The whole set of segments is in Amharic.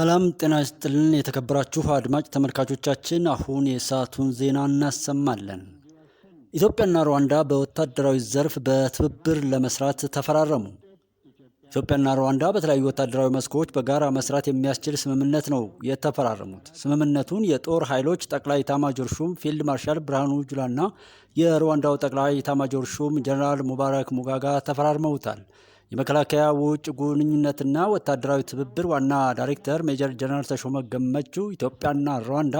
ሰላም ጤና ይስጥልን። የተከበራችሁ አድማጭ ተመልካቾቻችን አሁን የሰዓቱን ዜና እናሰማለን። ኢትዮጵያና ሩዋንዳ በወታደራዊ ዘርፍ በትብብር ለመስራት ተፈራረሙ። ኢትዮጵያና ሩዋንዳ በተለያዩ ወታደራዊ መስኮች በጋራ መስራት የሚያስችል ስምምነት ነው የተፈራረሙት። ስምምነቱን የጦር ኃይሎች ጠቅላይ ኤታማዦር ሹም ፊልድ ማርሻል ብርሃኑ ጁላና የሩዋንዳው ጠቅላይ ኤታማዦር ሹም ጀነራል ሙባረክ ሙጋጋ ተፈራርመውታል። የመከላከያ ውጭ ግንኙነትና ወታደራዊ ትብብር ዋና ዳይሬክተር ሜጀር ጀነራል ተሾመ ገመቹ ኢትዮጵያና ሩዋንዳ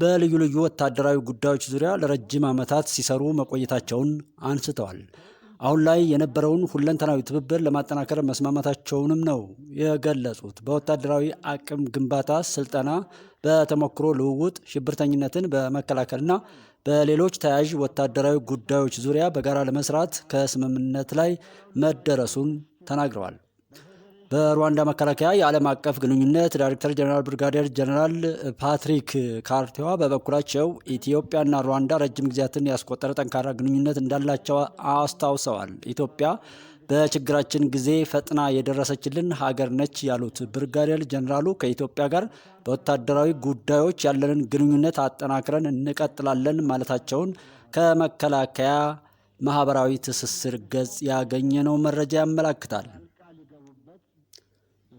በልዩ ልዩ ወታደራዊ ጉዳዮች ዙሪያ ለረጅም ዓመታት ሲሰሩ መቆየታቸውን አንስተዋል። አሁን ላይ የነበረውን ሁለንተናዊ ትብብር ለማጠናከር መስማማታቸውንም ነው የገለጹት። በወታደራዊ አቅም ግንባታ ስልጠና፣ በተሞክሮ ልውውጥ፣ ሽብርተኝነትን በመከላከልና በሌሎች ተያያዥ ወታደራዊ ጉዳዮች ዙሪያ በጋራ ለመስራት ከስምምነት ላይ መደረሱን ተናግረዋል። በሩዋንዳ መከላከያ የዓለም አቀፍ ግንኙነት ዳይሬክተር ጀኔራል ብርጋዴር ጀኔራል ፓትሪክ ካርቴዋ በበኩላቸው ኢትዮጵያና ሩዋንዳ ረጅም ጊዜያትን ያስቆጠረ ጠንካራ ግንኙነት እንዳላቸው አስታውሰዋል። ኢትዮጵያ በችግራችን ጊዜ ፈጥና የደረሰችልን ሀገር ነች ያሉት ብርጋዴር ጀኔራሉ ከኢትዮጵያ ጋር በወታደራዊ ጉዳዮች ያለንን ግንኙነት አጠናክረን እንቀጥላለን ማለታቸውን ከመከላከያ ማህበራዊ ትስስር ገጽ ያገኘነው መረጃ ያመላክታል።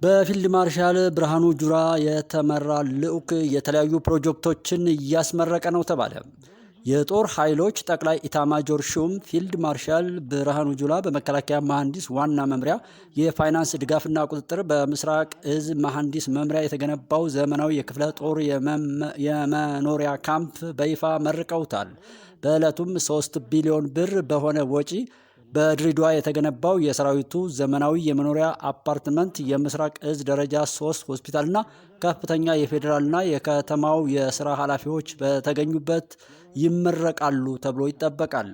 በፊልድ ማርሻል ብርሃኑ ጁራ የተመራ ልዑክ የተለያዩ ፕሮጀክቶችን እያስመረቀ ነው ተባለ። የጦር ኃይሎች ጠቅላይ ኢታማጆር ሹም ፊልድ ማርሻል ብርሃኑ ጁላ በመከላከያ መሐንዲስ ዋና መምሪያ የፋይናንስ ድጋፍና ቁጥጥር በምስራቅ እዝ መሐንዲስ መምሪያ የተገነባው ዘመናዊ የክፍለ ጦር የመኖሪያ ካምፕ በይፋ መርቀውታል። በዕለቱም 3 ቢሊዮን ብር በሆነ ወጪ በድሬዳዋ የተገነባው የሰራዊቱ ዘመናዊ የመኖሪያ አፓርትመንት የምስራቅ እዝ ደረጃ ሶስት ሆስፒታልና ከፍተኛ የፌዴራልና የከተማው የስራ ኃላፊዎች በተገኙበት ይመረቃሉ ተብሎ ይጠበቃል።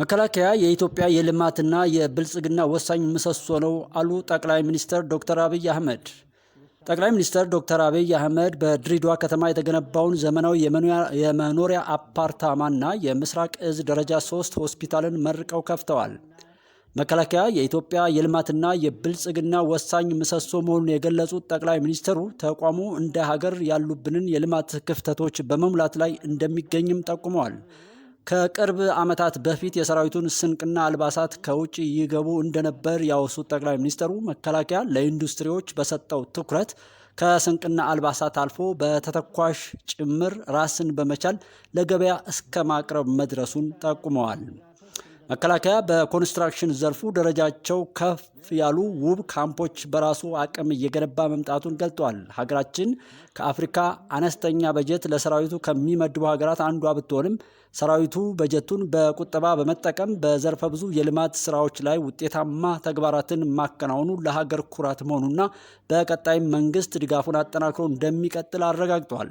መከላከያ የኢትዮጵያ የልማትና የብልጽግና ወሳኝ ምሰሶ ነው አሉ ጠቅላይ ሚኒስትር ዶክተር አብይ አህመድ። ጠቅላይ ሚኒስትር ዶክተር አብይ አህመድ በድሬዳዋ ከተማ የተገነባውን ዘመናዊ የመኖሪያ አፓርታማና የምስራቅ እዝ ደረጃ ሶስት ሆስፒታልን መርቀው ከፍተዋል። መከላከያ የኢትዮጵያ የልማትና የብልጽግና ወሳኝ ምሰሶ መሆኑን የገለጹት ጠቅላይ ሚኒስትሩ ተቋሙ እንደ ሀገር ያሉብንን የልማት ክፍተቶች በመሙላት ላይ እንደሚገኝም ጠቁመዋል። ከቅርብ ዓመታት በፊት የሰራዊቱን ስንቅና አልባሳት ከውጭ ይገቡ እንደነበር ያወሱት ጠቅላይ ሚኒስትሩ መከላከያ ለኢንዱስትሪዎች በሰጠው ትኩረት ከስንቅና አልባሳት አልፎ በተተኳሽ ጭምር ራስን በመቻል ለገበያ እስከ ማቅረብ መድረሱን ጠቁመዋል። መከላከያ በኮንስትራክሽን ዘርፉ ደረጃቸው ከፍ ያሉ ውብ ካምፖች በራሱ አቅም እየገነባ መምጣቱን ገልጧል። ሀገራችን ከአፍሪካ አነስተኛ በጀት ለሰራዊቱ ከሚመድቡ ሀገራት አንዷ ብትሆንም ሰራዊቱ በጀቱን በቁጠባ በመጠቀም በዘርፈ ብዙ የልማት ስራዎች ላይ ውጤታማ ተግባራትን ማከናወኑ ለሀገር ኩራት መሆኑና በቀጣይም መንግስት ድጋፉን አጠናክሮ እንደሚቀጥል አረጋግጧል።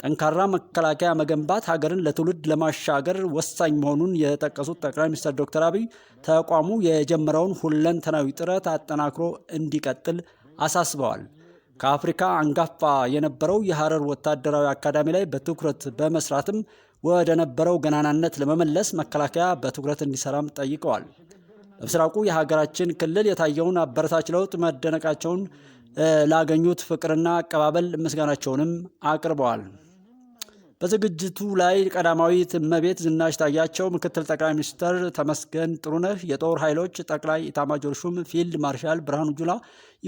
ጠንካራ መከላከያ መገንባት ሀገርን ለትውልድ ለማሻገር ወሳኝ መሆኑን የጠቀሱት ጠቅላይ ሚኒስትር ዶክተር አብይ ተቋሙ የጀመረውን ሁለንተናዊ ጥረት አጠናክሮ እንዲቀጥል አሳስበዋል። ከአፍሪካ አንጋፋ የነበረው የሐረር ወታደራዊ አካዳሚ ላይ በትኩረት በመስራትም ወደ ነበረው ገናናነት ለመመለስ መከላከያ በትኩረት እንዲሰራም ጠይቀዋል። በምስራቁ የሀገራችን ክልል የታየውን አበረታች ለውጥ መደነቃቸውን ላገኙት ፍቅርና አቀባበል ምስጋናቸውንም አቅርበዋል። በዝግጅቱ ላይ ቀዳማዊት እመቤት ዝናሽ ታያቸው፣ ምክትል ጠቅላይ ሚኒስትር ተመስገን ጥሩነህ፣ የጦር ኃይሎች ጠቅላይ ኢታማጆር ሹም ፊልድ ማርሻል ብርሃኑ ጁላ፣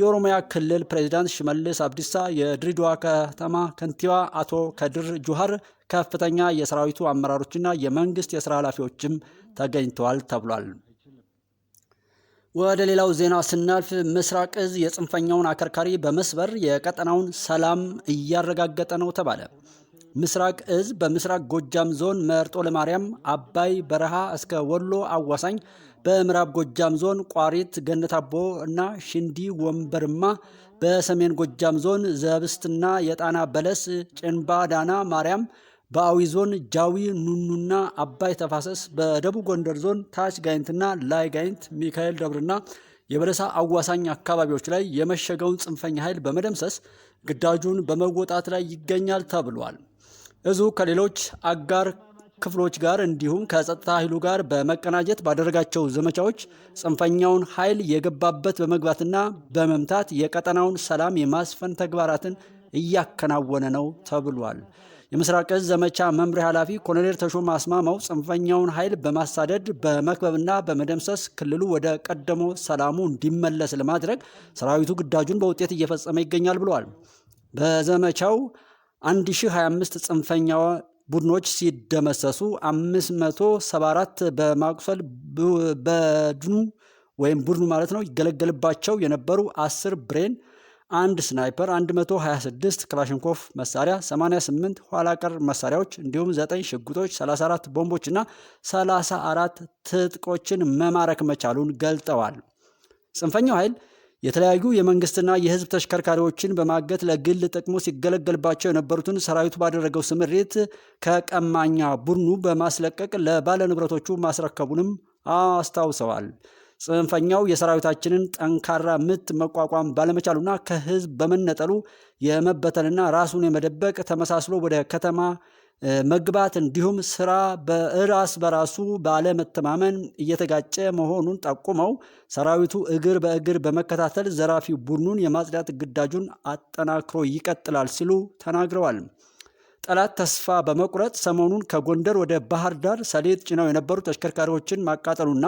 የኦሮሚያ ክልል ፕሬዚዳንት ሽመልስ አብዲሳ፣ የድሬዳዋ ከተማ ከንቲባ አቶ ከድር ጁሃር፣ ከፍተኛ የሰራዊቱ አመራሮችና የመንግስት የስራ ኃላፊዎችም ተገኝተዋል ተብሏል። ወደ ሌላው ዜና ስናልፍ ምስራቅ እዝ የጽንፈኛውን አከርካሪ በመስበር የቀጠናውን ሰላም እያረጋገጠ ነው ተባለ። ምስራቅ እዝ በምስራቅ ጎጃም ዞን መርጦ ለማርያም አባይ በረሃ እስከ ወሎ አዋሳኝ፣ በምዕራብ ጎጃም ዞን ቋሪት ገነታቦ እና ሽንዲ ወንበርማ፣ በሰሜን ጎጃም ዞን ዘብስትና የጣና በለስ ጭንባ ዳና ማርያም በአዊ ዞን ጃዊ ኑኑና አባይ ተፋሰስ፣ በደቡብ ጎንደር ዞን ታች ጋይንትና ላይ ጋይንት ሚካኤል ደብርና የበለሳ አዋሳኝ አካባቢዎች ላይ የመሸገውን ጽንፈኛ ኃይል በመደምሰስ ግዳጁን በመወጣት ላይ ይገኛል ተብሏል። እዙ ከሌሎች አጋር ክፍሎች ጋር እንዲሁም ከጸጥታ ኃይሉ ጋር በመቀናጀት ባደረጋቸው ዘመቻዎች ጽንፈኛውን ኃይል የገባበት በመግባትና በመምታት የቀጠናውን ሰላም የማስፈን ተግባራትን እያከናወነ ነው ተብሏል። የምስራቅ ዕዝ ዘመቻ መምሪያ ኃላፊ ኮሎኔል ተሾመ አስማማው ጽንፈኛውን ኃይል በማሳደድ በመክበብና በመደምሰስ ክልሉ ወደ ቀደሞ ሰላሙ እንዲመለስ ለማድረግ ሰራዊቱ ግዳጁን በውጤት እየፈጸመ ይገኛል ብለዋል። በዘመቻው 1025 ጽንፈኛ ቡድኖች ሲደመሰሱ 574 በማቁሰል በድኑ ወይም ቡድኑ ማለት ነው ይገለገልባቸው የነበሩ 10 ብሬን አንድ ስናይፐር 126 ክላሽንኮፍ መሳሪያ 88 ኋላ ቀር መሳሪያዎች እንዲሁም 9 ሽጉጦች 34 ቦምቦች እና 34 ትጥቆችን መማረክ መቻሉን ገልጠዋል። ጽንፈኛው ኃይል የተለያዩ የመንግስትና የህዝብ ተሽከርካሪዎችን በማገት ለግል ጥቅሙ ሲገለገልባቸው የነበሩትን ሰራዊቱ ባደረገው ስምሪት ከቀማኛ ቡድኑ በማስለቀቅ ለባለንብረቶቹ ማስረከቡንም አስታውሰዋል። ጽንፈኛው የሰራዊታችንን ጠንካራ ምት መቋቋም ባለመቻሉና ከህዝብ በመነጠሉ የመበተንና ራሱን የመደበቅ ተመሳስሎ ወደ ከተማ መግባት እንዲሁም ስራ በራስ በራሱ ባለመተማመን እየተጋጨ መሆኑን ጠቁመው ሰራዊቱ እግር በእግር በመከታተል ዘራፊ ቡድኑን የማጽዳት ግዳጁን አጠናክሮ ይቀጥላል ሲሉ ተናግረዋል። ጠላት ተስፋ በመቁረጥ ሰሞኑን ከጎንደር ወደ ባህር ዳር ሰሌጥ ጭነው የነበሩ ተሽከርካሪዎችን ማቃጠሉና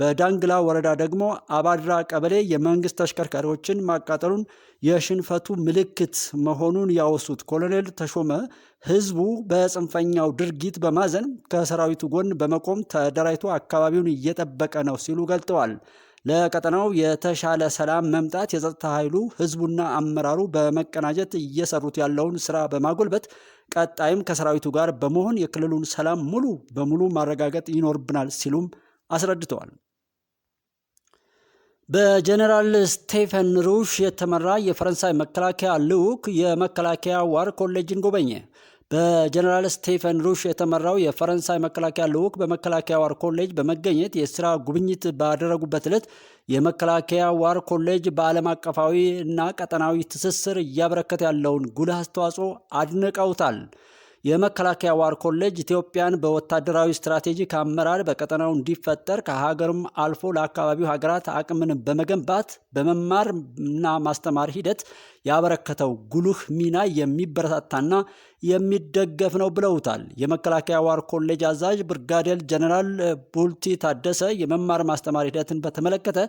በዳንግላ ወረዳ ደግሞ አባድራ ቀበሌ የመንግስት ተሽከርካሪዎችን ማቃጠሉን የሽንፈቱ ምልክት መሆኑን ያወሱት ኮሎኔል ተሾመ ህዝቡ በጽንፈኛው ድርጊት በማዘን ከሰራዊቱ ጎን በመቆም ተደራጅቶ አካባቢውን እየጠበቀ ነው ሲሉ ገልጠዋል። ለቀጠናው የተሻለ ሰላም መምጣት የጸጥታ ኃይሉ ህዝቡና አመራሩ በመቀናጀት እየሰሩት ያለውን ስራ በማጎልበት ቀጣይም ከሰራዊቱ ጋር በመሆን የክልሉን ሰላም ሙሉ በሙሉ ማረጋገጥ ይኖርብናል ሲሉም አስረድተዋል። በጀኔራል ስቴፈን ሩሽ የተመራ የፈረንሳይ መከላከያ ልዑክ የመከላከያ ዋር ኮሌጅን ጎበኘ። በጀነራል ስቴፈን ሩሽ የተመራው የፈረንሳይ መከላከያ ልዑክ በመከላከያ ዋር ኮሌጅ በመገኘት የስራ ጉብኝት ባደረጉበት ዕለት የመከላከያ ዋር ኮሌጅ በዓለም አቀፋዊ እና ቀጠናዊ ትስስር እያበረከተ ያለውን ጉልህ አስተዋጽኦ አድንቀውታል። የመከላከያ ዋር ኮሌጅ ኢትዮጵያን በወታደራዊ ስትራቴጂክ አመራር በቀጠናው እንዲፈጠር ከሀገርም አልፎ ለአካባቢው ሀገራት አቅምን በመገንባት በመማር ና ማስተማር ሂደት ያበረከተው ጉልህ ሚና የሚበረታታና የሚደገፍ ነው ብለውታል። የመከላከያ ዋር ኮሌጅ አዛዥ ብርጋዴር ጀነራል ቡልቲ ታደሰ የመማር ማስተማር ሂደትን በተመለከተ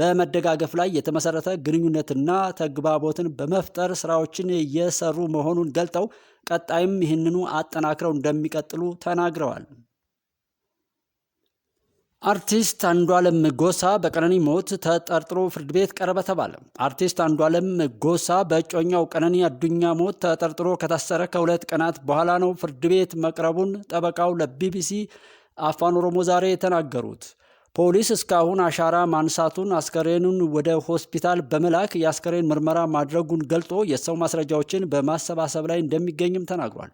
በመደጋገፍ ላይ የተመሰረተ ግንኙነትና ተግባቦትን በመፍጠር ስራዎችን እየሰሩ መሆኑን ገልጠው ቀጣይም ይህንኑ አጠናክረው እንደሚቀጥሉ ተናግረዋል። አርቲስት አንዷለም ጎሳ በቀነኒ ሞት ተጠርጥሮ ፍርድ ቤት ቀረበ ተባለ። አርቲስት አንዷለም ጎሳ በእጮኛው ቀነኒ አዱኛ ሞት ተጠርጥሮ ከታሰረ ከሁለት ቀናት በኋላ ነው ፍርድ ቤት መቅረቡን ጠበቃው ለቢቢሲ አፋን ኦሮሞ ዛሬ የተናገሩት። ፖሊስ እስካሁን አሻራ ማንሳቱን፣ አስከሬኑን ወደ ሆስፒታል በመላክ የአስከሬን ምርመራ ማድረጉን ገልጾ የሰው ማስረጃዎችን በማሰባሰብ ላይ እንደሚገኝም ተናግሯል።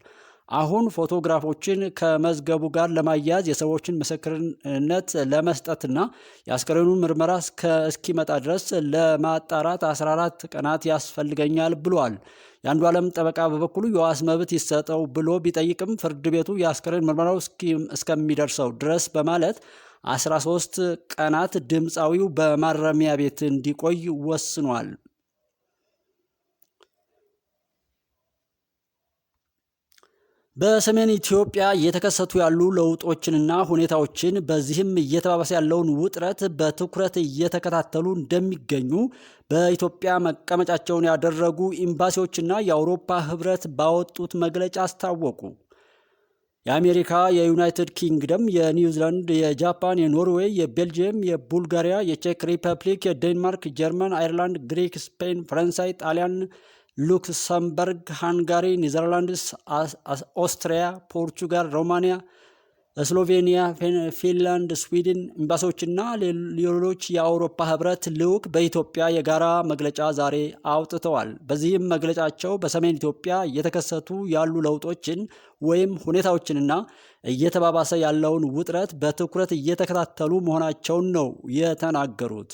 አሁን ፎቶግራፎችን ከመዝገቡ ጋር ለማያያዝ የሰዎችን ምስክርነት ለመስጠትና የአስከሬኑ ምርመራ እስኪመጣ ድረስ ለማጣራት 14 ቀናት ያስፈልገኛል ብሏል። የአንዱ ዓለም ጠበቃ በበኩሉ የዋስ መብት ይሰጠው ብሎ ቢጠይቅም ፍርድ ቤቱ የአስከሬን ምርመራው እስከሚደርሰው ድረስ በማለት 13 ቀናት ድምፃዊው በማረሚያ ቤት እንዲቆይ ወስኗል። በሰሜን ኢትዮጵያ እየተከሰቱ ያሉ ለውጦችንና ሁኔታዎችን በዚህም እየተባባሰ ያለውን ውጥረት በትኩረት እየተከታተሉ እንደሚገኙ በኢትዮጵያ መቀመጫቸውን ያደረጉ ኤምባሲዎችና የአውሮፓ ሕብረት ባወጡት መግለጫ አስታወቁ። የአሜሪካ፣ የዩናይትድ ኪንግደም፣ የኒውዚላንድ፣ የጃፓን፣ የኖርዌይ፣ የቤልጅየም፣ የቡልጋሪያ፣ የቼክ ሪፐብሊክ፣ የዴንማርክ፣ ጀርመን፣ አይርላንድ፣ ግሪክ፣ ስፔን፣ ፈረንሳይ፣ ጣሊያን ሉክሰምበርግ፣ ሃንጋሪ፣ ኔዘርላንድስ፣ ኦስትሪያ፣ ፖርቹጋል፣ ሮማኒያ፣ ስሎቬኒያ፣ ፊንላንድ፣ ስዊድን ኤምባሲዎችና ሌሎች የአውሮፓ ህብረት ልዑክ በኢትዮጵያ የጋራ መግለጫ ዛሬ አውጥተዋል። በዚህም መግለጫቸው በሰሜን ኢትዮጵያ እየተከሰቱ ያሉ ለውጦችን ወይም ሁኔታዎችንና እየተባባሰ ያለውን ውጥረት በትኩረት እየተከታተሉ መሆናቸውን ነው የተናገሩት።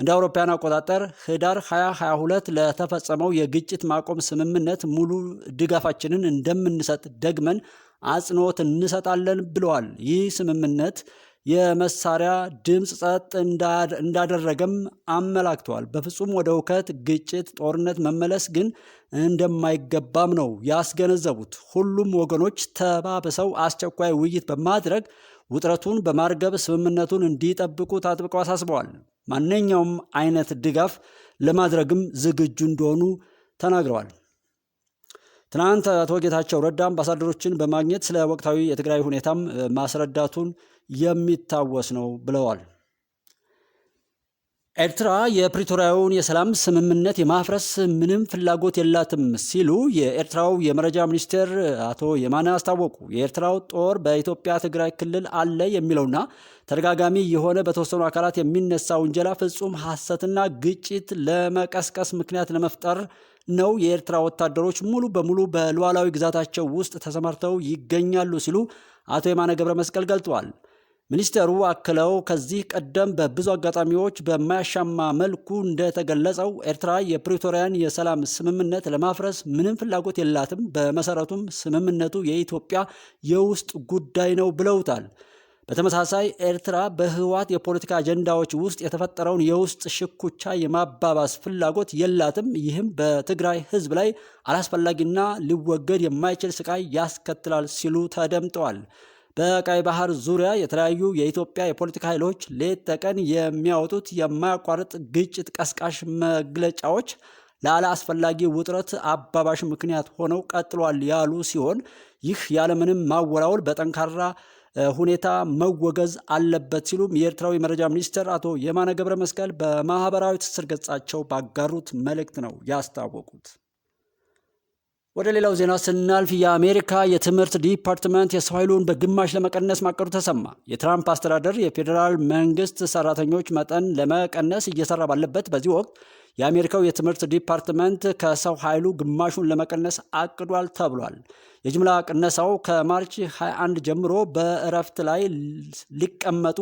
እንደ አውሮፓያን አቆጣጠር ህዳር 2022 ለተፈጸመው የግጭት ማቆም ስምምነት ሙሉ ድጋፋችንን እንደምንሰጥ ደግመን አጽንኦት እንሰጣለን ብለዋል። ይህ ስምምነት የመሳሪያ ድምፅ ጸጥ እንዳደረገም አመላክተዋል። በፍጹም ወደ እውከት፣ ግጭት፣ ጦርነት መመለስ ግን እንደማይገባም ነው ያስገነዘቡት። ሁሉም ወገኖች ተባብሰው አስቸኳይ ውይይት በማድረግ ውጥረቱን በማርገብ ስምምነቱን እንዲጠብቁ አጥብቀው አሳስበዋል። ማንኛውም አይነት ድጋፍ ለማድረግም ዝግጁ እንደሆኑ ተናግረዋል። ትናንት አቶ ጌታቸው ረዳ አምባሳደሮችን በማግኘት ስለ ወቅታዊ የትግራይ ሁኔታም ማስረዳቱን የሚታወስ ነው ብለዋል። ኤርትራ የፕሪቶሪያውን የሰላም ስምምነት የማፍረስ ምንም ፍላጎት የላትም ሲሉ የኤርትራው የመረጃ ሚኒስቴር አቶ የማነ አስታወቁ። የኤርትራው ጦር በኢትዮጵያ ትግራይ ክልል አለ የሚለውና ተደጋጋሚ የሆነ በተወሰኑ አካላት የሚነሳ ውንጀላ ፍጹም ሐሰትና ግጭት ለመቀስቀስ ምክንያት ለመፍጠር ነው የኤርትራ ወታደሮች ሙሉ በሙሉ በሉዓላዊ ግዛታቸው ውስጥ ተሰማርተው ይገኛሉ ሲሉ አቶ የማነ ገብረ መስቀል ገልጠዋል። ሚኒስቴሩ አክለው ከዚህ ቀደም በብዙ አጋጣሚዎች በማያሻማ መልኩ እንደተገለጸው ኤርትራ የፕሪቶሪያን የሰላም ስምምነት ለማፍረስ ምንም ፍላጎት የላትም፣ በመሰረቱም ስምምነቱ የኢትዮጵያ የውስጥ ጉዳይ ነው ብለውታል። በተመሳሳይ ኤርትራ በህወሓት የፖለቲካ አጀንዳዎች ውስጥ የተፈጠረውን የውስጥ ሽኩቻ የማባባስ ፍላጎት የላትም። ይህም በትግራይ ህዝብ ላይ አላስፈላጊና ሊወገድ የማይችል ስቃይ ያስከትላል ሲሉ ተደምጠዋል። በቀይ ባህር ዙሪያ የተለያዩ የኢትዮጵያ የፖለቲካ ኃይሎች ሌት ተቀን የሚያወጡት የማያቋርጥ ግጭት ቀስቃሽ መግለጫዎች ለአላስፈላጊ ውጥረት አባባሽ ምክንያት ሆነው ቀጥሏል ያሉ ሲሆን ይህ ያለምንም ማወላወል በጠንካራ ሁኔታ መወገዝ አለበት ሲሉም የኤርትራዊ መረጃ ሚኒስትር አቶ የማነ ገብረ መስቀል በማህበራዊ ትስስር ገጻቸው ባጋሩት መልእክት ነው ያስታወቁት። ወደ ሌላው ዜና ስናልፍ የአሜሪካ የትምህርት ዲፓርትመንት የሰው ኃይሉን በግማሽ ለመቀነስ ማቀዱ ተሰማ። የትራምፕ አስተዳደር የፌዴራል መንግስት ሰራተኞች መጠን ለመቀነስ እየሰራ ባለበት በዚህ ወቅት የአሜሪካው የትምህርት ዲፓርትመንት ከሰው ኃይሉ ግማሹን ለመቀነስ አቅዷል ተብሏል። የጅምላ ቅነሳው ከማርች 21 ጀምሮ በእረፍት ላይ ሊቀመጡ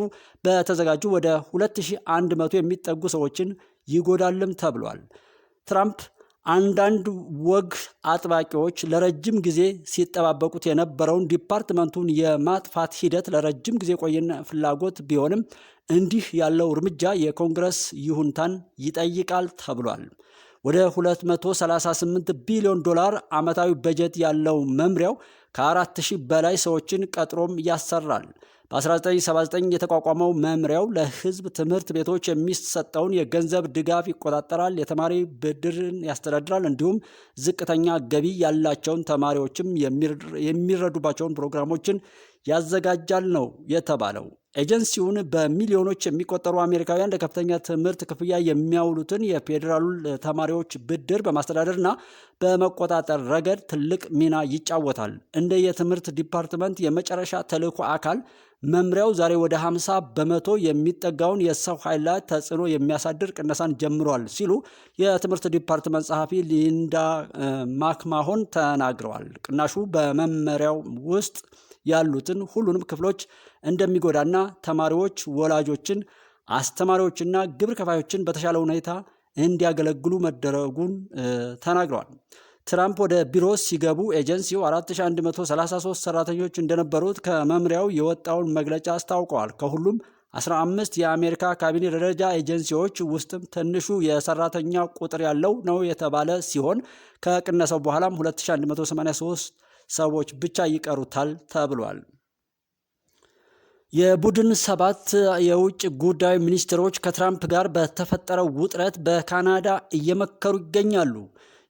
በተዘጋጁ ወደ 2100 የሚጠጉ ሰዎችን ይጎዳልም ተብሏል። ትራምፕ አንዳንድ ወግ አጥባቂዎች ለረጅም ጊዜ ሲጠባበቁት የነበረውን ዲፓርትመንቱን የማጥፋት ሂደት ለረጅም ጊዜ ቆይና ፍላጎት ቢሆንም እንዲህ ያለው እርምጃ የኮንግረስ ይሁንታን ይጠይቃል ተብሏል። ወደ 238 ቢሊዮን ዶላር ዓመታዊ በጀት ያለው መምሪያው ከአራት ሺህ በላይ ሰዎችን ቀጥሮም ያሰራል። በ1979 የተቋቋመው መምሪያው ለሕዝብ ትምህርት ቤቶች የሚሰጠውን የገንዘብ ድጋፍ ይቆጣጠራል፣ የተማሪ ብድርን ያስተዳድራል፣ እንዲሁም ዝቅተኛ ገቢ ያላቸውን ተማሪዎችም የሚረዱባቸውን ፕሮግራሞችን ያዘጋጃል ነው የተባለው። ኤጀንሲውን በሚሊዮኖች የሚቆጠሩ አሜሪካውያን ለከፍተኛ ትምህርት ክፍያ የሚያውሉትን የፌዴራሉ ተማሪዎች ብድር በማስተዳደርና በመቆጣጠር ረገድ ትልቅ ሚና ይጫወታል። እንደ የትምህርት ዲፓርትመንት የመጨረሻ ተልዕኮ አካል መምሪያው ዛሬ ወደ 50 በመቶ የሚጠጋውን የሰው ኃይል ላይ ተጽዕኖ የሚያሳድር ቅነሳን ጀምሯል ሲሉ የትምህርት ዲፓርትመንት ጸሐፊ ሊንዳ ማክማሆን ተናግረዋል። ቅናሹ በመመሪያው ውስጥ ያሉትን ሁሉንም ክፍሎች እንደሚጎዳና ተማሪዎች ወላጆችን፣ አስተማሪዎችና ግብር ከፋዮችን በተሻለ ሁኔታ እንዲያገለግሉ መደረጉን ተናግረዋል። ትራምፕ ወደ ቢሮ ሲገቡ ኤጀንሲው 4133 ሰራተኞች እንደነበሩት ከመምሪያው የወጣውን መግለጫ አስታውቀዋል። ከሁሉም 15 የአሜሪካ ካቢኔ ደረጃ ኤጀንሲዎች ውስጥም ትንሹ የሰራተኛ ቁጥር ያለው ነው የተባለ ሲሆን ከቅነሰው በኋላም 2183 ሰዎች ብቻ ይቀሩታል ተብሏል። የቡድን ሰባት የውጭ ጉዳይ ሚኒስትሮች ከትራምፕ ጋር በተፈጠረው ውጥረት በካናዳ እየመከሩ ይገኛሉ።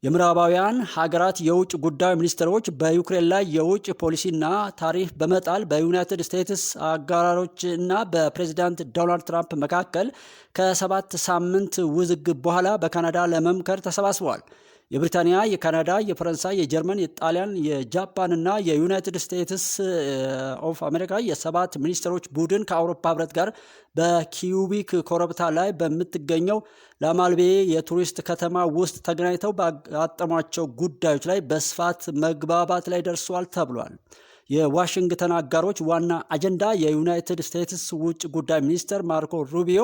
የምዕራባውያን ሀገራት የውጭ ጉዳይ ሚኒስትሮች በዩክሬን ላይ የውጭ ፖሊሲና ታሪፍ በመጣል በዩናይትድ ስቴትስ አጋራሮች እና በፕሬዚዳንት ዶናልድ ትራምፕ መካከል ከሰባት ሳምንት ውዝግብ በኋላ በካናዳ ለመምከር ተሰባስበዋል። የብሪታንያ፣ የካናዳ፣ የፈረንሳይ፣ የጀርመን፣ የጣሊያን፣ የጃፓን እና የዩናይትድ ስቴትስ ኦፍ አሜሪካ የሰባት ሚኒስትሮች ቡድን ከአውሮፓ ህብረት ጋር በኪዩቢክ ኮረብታ ላይ በምትገኘው ላማልቤ የቱሪስት ከተማ ውስጥ ተገናኝተው ባጋጠሟቸው ጉዳዮች ላይ በስፋት መግባባት ላይ ደርሰዋል ተብሏል። የዋሽንግተን አጋሮች ዋና አጀንዳ የዩናይትድ ስቴትስ ውጭ ጉዳይ ሚኒስትር ማርኮ ሩቢዮ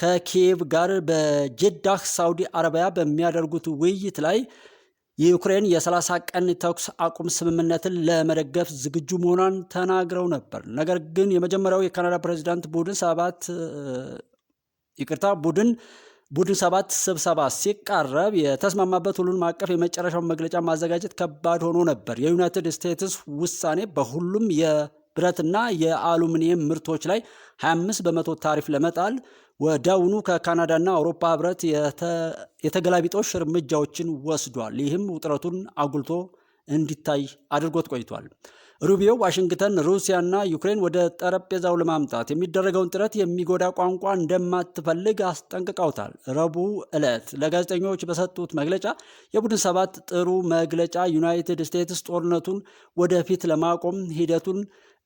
ከኪየቭ ጋር በጅዳህ ሳውዲ አረቢያ በሚያደርጉት ውይይት ላይ የዩክሬን የ30 ቀን ተኩስ አቁም ስምምነትን ለመደገፍ ዝግጁ መሆኗን ተናግረው ነበር። ነገር ግን የመጀመሪያው የካናዳ ፕሬዚዳንት ቡድን ሰባት ይቅርታ ቡድን ቡድን ሰባት ስብሰባ ሲቃረብ የተስማማበት ሁሉን ማቀፍ የመጨረሻውን መግለጫ ማዘጋጀት ከባድ ሆኖ ነበር። የዩናይትድ ስቴትስ ውሳኔ በሁሉም ብረትና የአሉሚኒየም ምርቶች ላይ 25 በመቶ ታሪፍ ለመጣል ወዲያውኑ ከካናዳና አውሮፓ ህብረት የተገላቢጦሽ እርምጃዎችን ወስዷል። ይህም ውጥረቱን አጉልቶ እንዲታይ አድርጎት ቆይቷል። ሩቢዮ ዋሽንግተን ሩሲያና ዩክሬን ወደ ጠረጴዛው ለማምጣት የሚደረገውን ጥረት የሚጎዳ ቋንቋ እንደማትፈልግ አስጠንቅቀውታል። ረቡዕ ዕለት ለጋዜጠኞች በሰጡት መግለጫ የቡድን ሰባት ጥሩ መግለጫ ዩናይትድ ስቴትስ ጦርነቱን ወደፊት ለማቆም ሂደቱን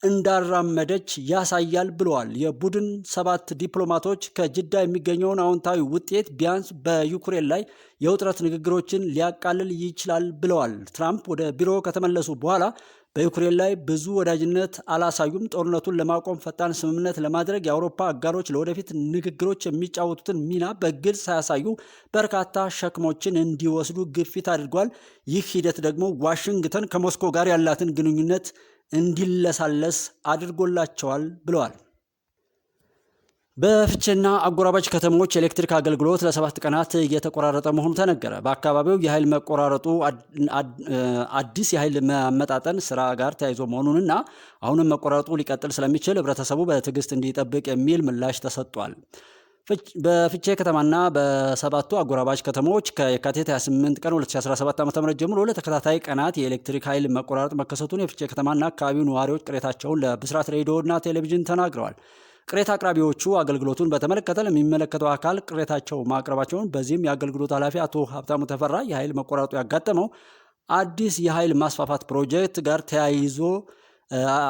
እንዳራመደች ያሳያል ብለዋል። የቡድን ሰባት ዲፕሎማቶች ከጅዳ የሚገኘውን አዎንታዊ ውጤት ቢያንስ በዩክሬን ላይ የውጥረት ንግግሮችን ሊያቃልል ይችላል ብለዋል። ትራምፕ ወደ ቢሮ ከተመለሱ በኋላ በዩክሬን ላይ ብዙ ወዳጅነት አላሳዩም። ጦርነቱን ለማቆም ፈጣን ስምምነት ለማድረግ የአውሮፓ አጋሮች ለወደፊት ንግግሮች የሚጫወቱትን ሚና በግልጽ ሳያሳዩ በርካታ ሸክሞችን እንዲወስዱ ግፊት አድርጓል። ይህ ሂደት ደግሞ ዋሽንግተን ከሞስኮ ጋር ያላትን ግንኙነት እንዲለሳለስ አድርጎላቸዋል ብለዋል። በፍቼና አጎራባች ከተሞች ኤሌክትሪክ አገልግሎት ለሰባት ቀናት እየተቆራረጠ መሆኑ ተነገረ። በአካባቢው የኃይል መቆራረጡ አዲስ የኃይል መመጣጠን ስራ ጋር ተያይዞ መሆኑንና አሁንም መቆራረጡ ሊቀጥል ስለሚችል ህብረተሰቡ በትዕግስት እንዲጠብቅ የሚል ምላሽ ተሰጥቷል። በፍቼ ከተማና በሰባቱ አጎራባች ከተሞች ከየካቲት 28 ቀን 2017 ም ጀምሮ ለተከታታይ ቀናት የኤሌክትሪክ ኃይል መቆራረጥ መከሰቱን የፍቼ ከተማና አካባቢው ነዋሪዎች ቅሬታቸውን ለብስራት ሬዲዮና ቴሌቪዥን ተናግረዋል። ቅሬታ አቅራቢዎቹ አገልግሎቱን በተመለከተ ለሚመለከተው አካል ቅሬታቸው ማቅረባቸውን በዚህም የአገልግሎት ኃላፊ አቶ ሀብታሙ ተፈራ የኃይል መቆራረጡ ያጋጠመው አዲስ የኃይል ማስፋፋት ፕሮጀክት ጋር ተያይዞ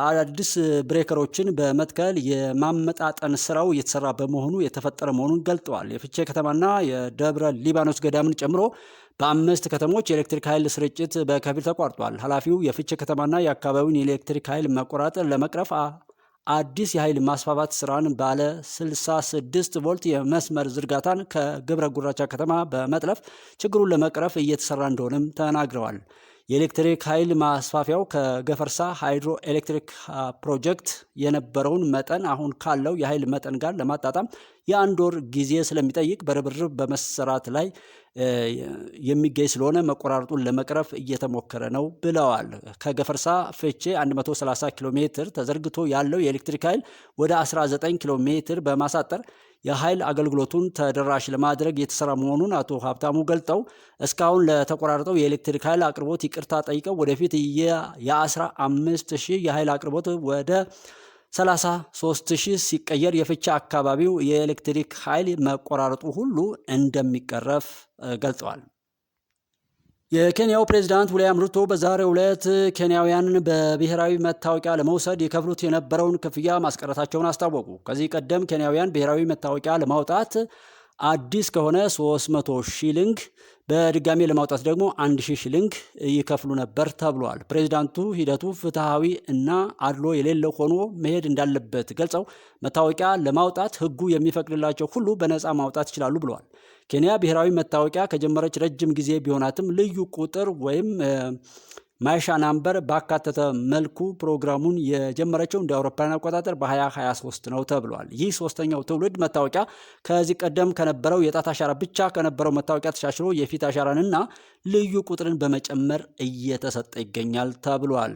አዳዲስ ብሬከሮችን በመትከል የማመጣጠን ስራው እየተሰራ በመሆኑ የተፈጠረ መሆኑን ገልጠዋል። የፍቼ ከተማና የደብረ ሊባኖስ ገዳምን ጨምሮ በአምስት ከተሞች የኤሌክትሪክ ኃይል ስርጭት በከፊል ተቋርጧል። ኃላፊው የፍቼ ከተማና የአካባቢውን የኤሌክትሪክ ኃይል መቆራጠር ለመቅረፍ አዲስ የኃይል ማስፋፋት ስራን ባለ 66 ቮልት የመስመር ዝርጋታን ከግብረ ጉራቻ ከተማ በመጥለፍ ችግሩን ለመቅረፍ እየተሰራ እንደሆነም ተናግረዋል። የኤሌክትሪክ ኃይል ማስፋፊያው ከገፈርሳ ሃይድሮ ኤሌክትሪክ ፕሮጀክት የነበረውን መጠን አሁን ካለው የኃይል መጠን ጋር ለማጣጣም የአንድ ወር ጊዜ ስለሚጠይቅ በርብርብ በመሰራት ላይ የሚገኝ ስለሆነ መቆራረጡን ለመቅረፍ እየተሞከረ ነው ብለዋል። ከገፈርሳ ፍቼ 130 ኪሎ ሜትር ተዘርግቶ ያለው የኤሌክትሪክ ኃይል ወደ 19 ኪሎ ሜትር በማሳጠር የኃይል አገልግሎቱን ተደራሽ ለማድረግ የተሰራ መሆኑን አቶ ሀብታሙ ገልጠው እስካሁን ለተቆራረጠው የኤሌክትሪክ ኃይል አቅርቦት ይቅርታ ጠይቀው ወደፊት የአስራ አምስት ሺህ የኃይል አቅርቦት ወደ 33 ሺህ ሲቀየር የፍቻ አካባቢው የኤሌክትሪክ ኃይል መቆራረጡ ሁሉ እንደሚቀረፍ ገልጠዋል። የኬንያው ፕሬዝዳንት ዊልያም ሩቶ በዛሬው ዕለት ኬንያውያንን በብሔራዊ መታወቂያ ለመውሰድ የከፍሉት የነበረውን ክፍያ ማስቀረታቸውን አስታወቁ። ከዚህ ቀደም ኬንያውያን ብሔራዊ መታወቂያ ለማውጣት አዲስ ከሆነ 300 ሺሊንግ በድጋሜ ለማውጣት ደግሞ አንድ ሺህ ሽልንግ ይከፍሉ ነበር ተብሏል። ፕሬዚዳንቱ ሂደቱ ፍትሐዊ እና አድሎ የሌለው ሆኖ መሄድ እንዳለበት ገልጸው መታወቂያ ለማውጣት ሕጉ የሚፈቅድላቸው ሁሉ በነፃ ማውጣት ይችላሉ ብለዋል። ኬንያ ብሔራዊ መታወቂያ ከጀመረች ረጅም ጊዜ ቢሆናትም ልዩ ቁጥር ወይም ማይሻ ናምበር ባካተተ መልኩ ፕሮግራሙን የጀመረችው እንደ አውሮፓውያን አቆጣጠር በ2023 ነው ተብሏል። ይህ ሶስተኛው ትውልድ መታወቂያ ከዚህ ቀደም ከነበረው የጣት አሻራ ብቻ ከነበረው መታወቂያ ተሻሽሎ የፊት አሻራንና ልዩ ቁጥርን በመጨመር እየተሰጠ ይገኛል ተብሏል።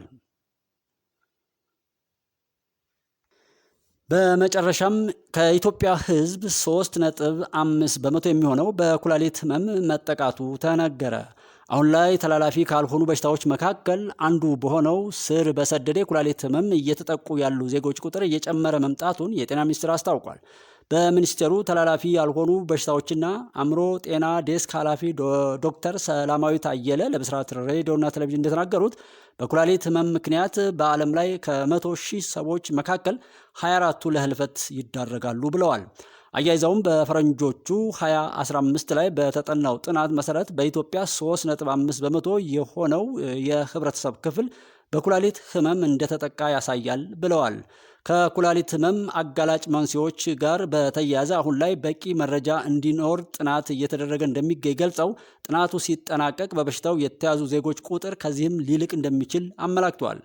በመጨረሻም ከኢትዮጵያ ሕዝብ 3 ነጥብ 5 በመቶ የሚሆነው በኩላሊት ህመም መጠቃቱ ተነገረ። አሁን ላይ ተላላፊ ካልሆኑ በሽታዎች መካከል አንዱ በሆነው ስር በሰደደ የኩላሊት ህመም እየተጠቁ ያሉ ዜጎች ቁጥር እየጨመረ መምጣቱን የጤና ሚኒስቴር አስታውቋል። በሚኒስቴሩ ተላላፊ ያልሆኑ በሽታዎችና አእምሮ ጤና ዴስክ ኃላፊ ዶክተር ሰላማዊት አየለ ለብስራት ሬዲዮና ቴሌቪዥን እንደተናገሩት በኩላሊት ህመም ምክንያት በዓለም ላይ ከመቶ ሺህ ሰዎች መካከል 24ቱ ለህልፈት ይዳረጋሉ ብለዋል። አያይዘውም በፈረንጆቹ 2015 ላይ በተጠናው ጥናት መሰረት በኢትዮጵያ 3.5 በመቶ የሆነው የህብረተሰብ ክፍል በኩላሊት ህመም እንደተጠቃ ያሳያል ብለዋል። ከኩላሊት ህመም አጋላጭ መንስኤዎች ጋር በተያያዘ አሁን ላይ በቂ መረጃ እንዲኖር ጥናት እየተደረገ እንደሚገኝ ገልጸው ጥናቱ ሲጠናቀቅ በበሽታው የተያዙ ዜጎች ቁጥር ከዚህም ሊልቅ እንደሚችል አመላክቷል።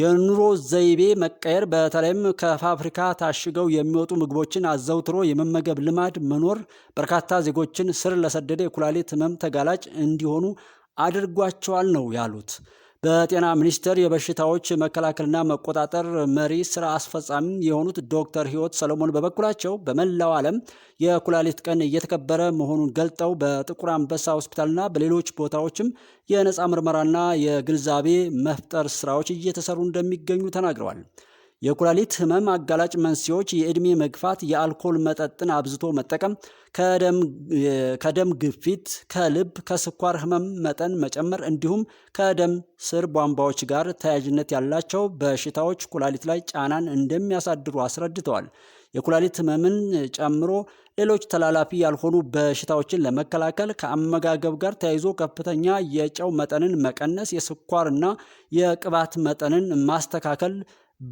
የኑሮ ዘይቤ መቀየር በተለይም ከፋብሪካ ታሽገው የሚወጡ ምግቦችን አዘውትሮ የመመገብ ልማድ መኖር በርካታ ዜጎችን ስር ለሰደደ የኩላሊት ህመም ተጋላጭ እንዲሆኑ አድርጓቸዋል ነው ያሉት። በጤና ሚኒስቴር የበሽታዎች መከላከልና መቆጣጠር መሪ ስራ አስፈጻሚ የሆኑት ዶክተር ህይወት ሰለሞን በበኩላቸው በመላው ዓለም የኩላሊት ቀን እየተከበረ መሆኑን ገልጠው በጥቁር አንበሳ ሆስፒታልና በሌሎች ቦታዎችም የነፃ ምርመራና የግንዛቤ መፍጠር ስራዎች እየተሰሩ እንደሚገኙ ተናግረዋል። የኩላሊት ህመም አጋላጭ መንስኤዎች የእድሜ መግፋት፣ የአልኮል መጠጥን አብዝቶ መጠቀም፣ ከደም ግፊት፣ ከልብ፣ ከስኳር ህመም መጠን መጨመር እንዲሁም ከደም ስር ቧንቧዎች ጋር ተያያዥነት ያላቸው በሽታዎች ኩላሊት ላይ ጫናን እንደሚያሳድሩ አስረድተዋል። የኩላሊት ህመምን ጨምሮ ሌሎች ተላላፊ ያልሆኑ በሽታዎችን ለመከላከል ከአመጋገብ ጋር ተያይዞ ከፍተኛ የጨው መጠንን መቀነስ፣ የስኳርና የቅባት መጠንን ማስተካከል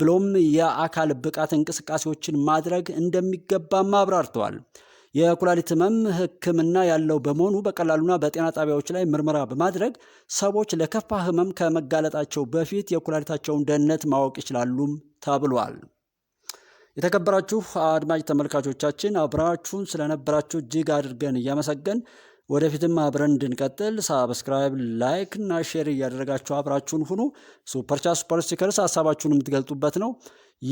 ብሎም የአካል ብቃት እንቅስቃሴዎችን ማድረግ እንደሚገባም አብራርተዋል። የኩላሊት ህመም ህክምና ያለው በመሆኑ በቀላሉና በጤና ጣቢያዎች ላይ ምርመራ በማድረግ ሰዎች ለከፋ ህመም ከመጋለጣቸው በፊት የኩላሊታቸውን ደህንነት ማወቅ ይችላሉም ተብሏል። የተከበራችሁ አድማጭ ተመልካቾቻችን አብራችሁን ስለነበራችሁ እጅግ አድርገን እያመሰገን ወደፊትም አብረን እንድንቀጥል ሳብስክራይብ፣ ላይክ እና ሼር እያደረጋችሁ አብራችሁን ሁኑ። ሱፐርቻ ሱፐር ስቲከርስ ሀሳባችሁን የምትገልጡበት ነው።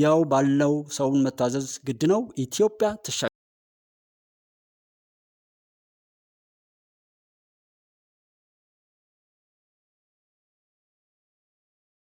ያው ባለው ሰውን መታዘዝ ግድ ነው። ኢትዮጵያ ትሻ